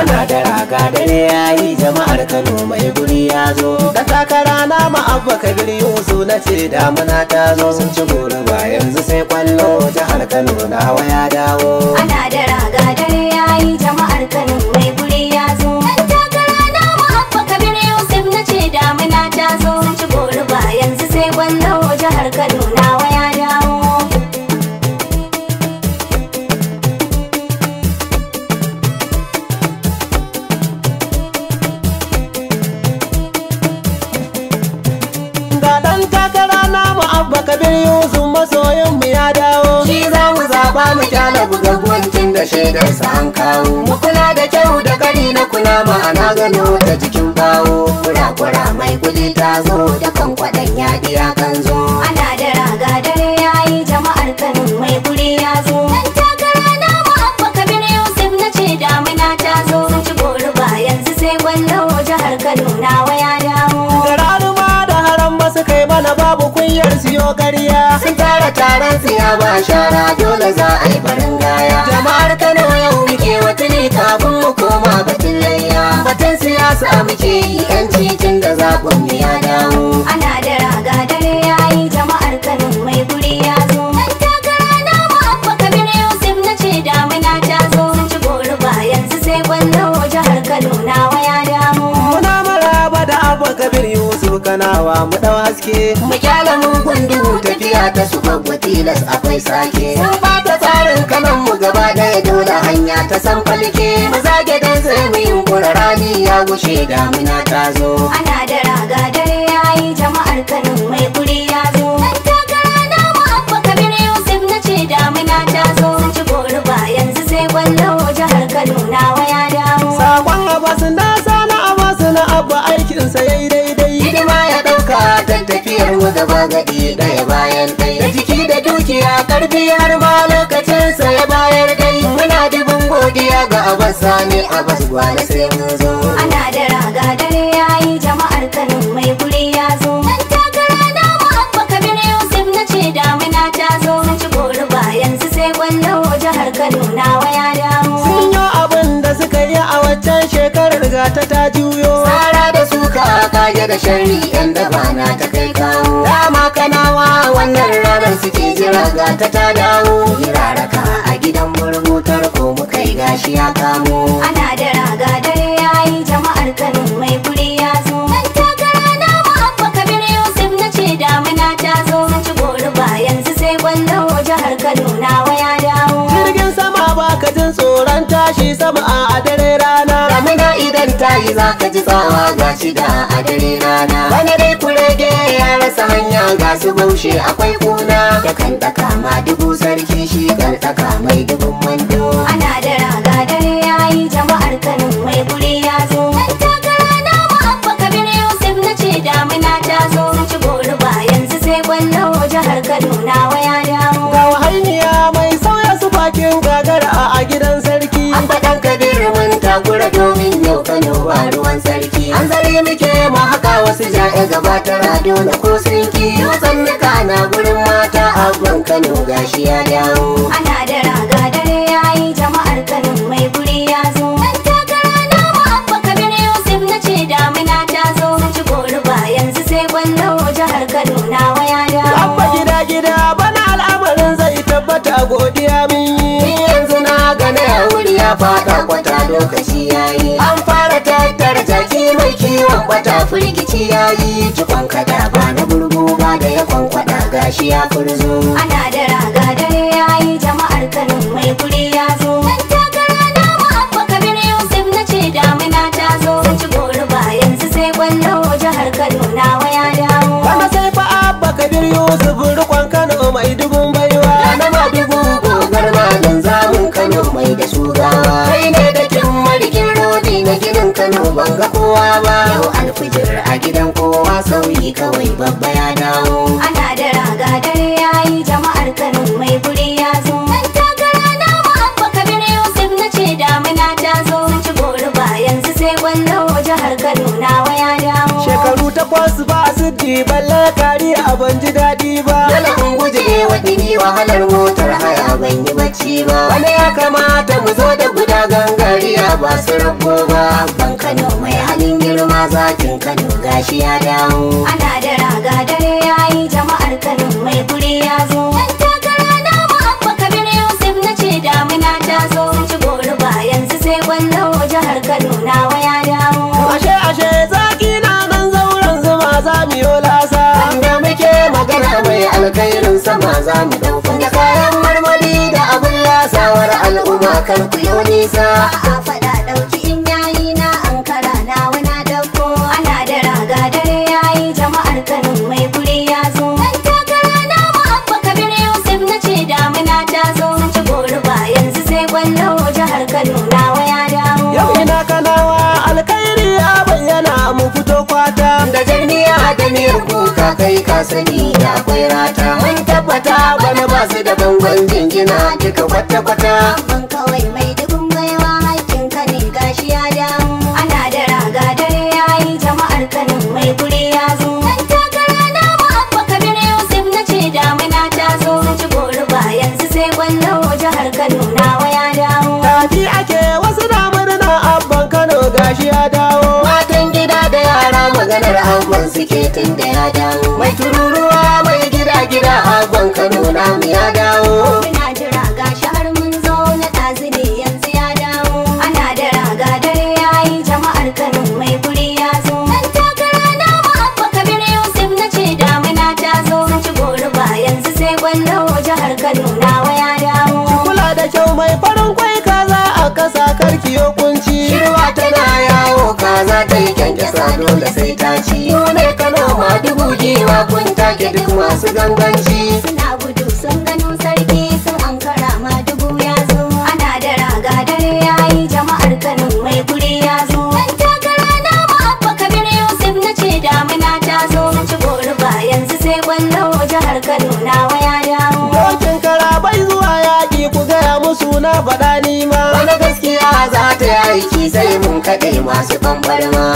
ana da raga dare yayi jama'ar Kano mai guri ya zo da takara na ma'abba kabir yunzu na ce damuna ta zo sun ci goro ba yanzu sai kwallo jihar Kano na waya dawo ana da raga dare yayi jama'ar Kano gidansa an kawo mu kula da kyau da kari na kula ma'ana gano da jikin bawo kura-kura mai kuli ta zo da kan kwaɗan yaɗi ya kan zo ana da raga dare yayi jama'ar kanin mai kuli ya zo dan takara na mu abba kabir yusuf na ce damina ta zo sun ci gori ba yanzu sai gwallo jihar kano nawa ya dawo su kai mana babu kunyar siyo ƙarya. Sun tara taron siya ba shara dole za a yi farin gaya. Jama'ar dai kafin mu koma batun layya batun siyasa muke yi yanci cikin da zaɓin mu ya dawo ana da raga dare yayi jama'ar Kano mai guri ya zo dan takara na mu abba kabir yusuf na ce damina ta zo sun ci goruba yanzu sai kwallo jihar Kano nawa ya damu muna maraba da abba kabir yusuf kanawa mu dau haske mu kyala mu gundu tafiya ta su babba tilas akwai sake sun ba ta tsarin kanan mu gaba daya dole hanya ta san biki mu zage dan sai mu rani ya wuce damina ta zo ana da raga dare yayi jama'ar Kano mai kuri ya zo dan takara na mu abba kabir Yusuf na ce damina ta zo sun ci gori ba yanzu sai kwallo jihar Kano na waya dawo sakon Abbas na sana Abbas na abba aikin sa yayi daidai hidima ya dauka ta tafiyar mu gaba gadi daya bayan daya da jiki da dukiya karfi har ma lokacin basu gwale sai mun zo ana da raga dare yayi jama'ar kano mai guri ya zo dan takara na mu abba kabir yusuf na ce damina ta zo mun ci gori ba yanzu sai gwallo jihar kano nawa ya dawo sun yi abin da suka yi a waccan shekarar gata ta juyo tsara da suka kage da sharri yan daba na ta kai kawo dama kanawa wannan ranar suke jira gata idan ta yi za ka ji tsawa ga shida a dare rana wani dai kurege ya rasa hanya ga su baushe akwai kuna da kan tsaka ma dubu sarki shi kan tsaka mai dubu mando ana an zari muke mu haka wasu ja'e gabata, ado na ko sinki nika na gurin mata a gun kano gashi ya dawo ana da raga dare yayi jama'ar kano mai guri ya zo dan takara na mu abba kabir yusuf na ce damina ta zo na ci gori ba yanzu sai kwallo jihar kano nawa ya dawo abba gida gida bana al'amarin zai tabbata godiya min yanzu na gane wuri ya fada kwata lokaci yayi firgici ya yi jikon kada ba na burbu ba da ya kwankwada gashi ya furzo ana da raga dare ya yi jama'ar kanin mai kuri ya zo kowa ba yau alfijir a gidan kowa sauyi kawai babba ya dawo ana da raga dare yayi jama'ar Kano mai guri ya zo dan takara na mu abba kabir yusuf na ce damina ta zo sun ci gori ba yanzu sai wallo jihar Kano nawa ya dawo shekaru takwas ba siddi balla kari a ban ji daɗi ba dole kun guje wa wahalar motar haya ban yi bacci ba wani ya kamata mu zo da guda gangariya ba su rabo ba ban Kano mai zakin Kano gashi ya dawo. Ana da raga dare yayi jama'ar Kano mai guri ya zo. Yan takara na mu abba Kabir Yusuf na ce damina ta zo. Sun ci gori ba yanzu sai kwallo jihar Kano nawa ya dawo. Ashe ashe zaki na nan zauren zuma za mu yi lasa. Wanda muke magana mai alkhairin sama za mu ɗauka. Da kayan marmari da abun lasawar al'umma kan ku yi nisa. A'a faɗa kanawa alkhairi ya bayyana mu fito kwata da jami'a da miyar kuka kai ka sani da akwai rata mun tabbata bana ba su da bangon jingina duka kwata-kwata ban kawai mai dubin baiwa hakkin ne gashi ya damu ana da raga dare yayi jama'ar kanin mai guri ya zo dan takara na abba kabir yusuf na ce damina ta zo yanzu sai gwallo jihar kano nawa ya damu tafi ake wasu damar magana abban Kano gashi ya dawo matan gida da yara maganar abban suke tun da ya dawo mai tururuwa mai gida gida a abban Kano namu ya dawo muna jira gashi har mun zo na ɗazu ne yanzu ya dawo ana da raga dare yayi jama'ar Kano mai guri ya zo dan takara na abba Kabir Yusuf nace damuna ta zo na ci goruba yanzu sai gwallo jihar Kano nawa ya dawo kula da kyau mai saci Kano kanawa dubu giwa kun take duk masu ganganci suna gudu sun gano sarki sun ankara ma dubu ya zo ana da raga dare yayi jama'ar Kano mai guri ya zo dan takara na mu abba kabir yusuf na ce damina ta zo na ci gori ba yanzu sai gwallo jihar Kano nawa ya dawo dokin kara bai zuwa yaƙi ku gaya musu na faɗa ni ma wani gaskiya za ta yi aiki sai mun kaɗai masu bambarma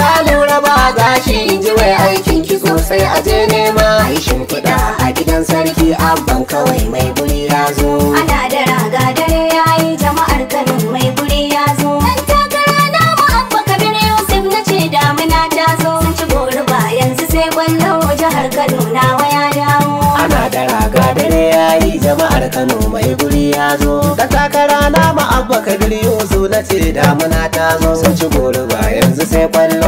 je nema yi shimfiɗa a gidan sarki abban kawai mai guri ya zo ana da raga dare yayi jama'ar kano mai guri ya zo dan takara na mu abba kabir yusuf na ce damina ta zo sun ci goruba yanzu sai kwallo jihar kano nawa ya dawo ana da raga dare yayi jama'ar kano mai guri ya zo dan takara na mu abba kabir yusuf na ce damina ta zo sun ci goruba yanzu sai kwallo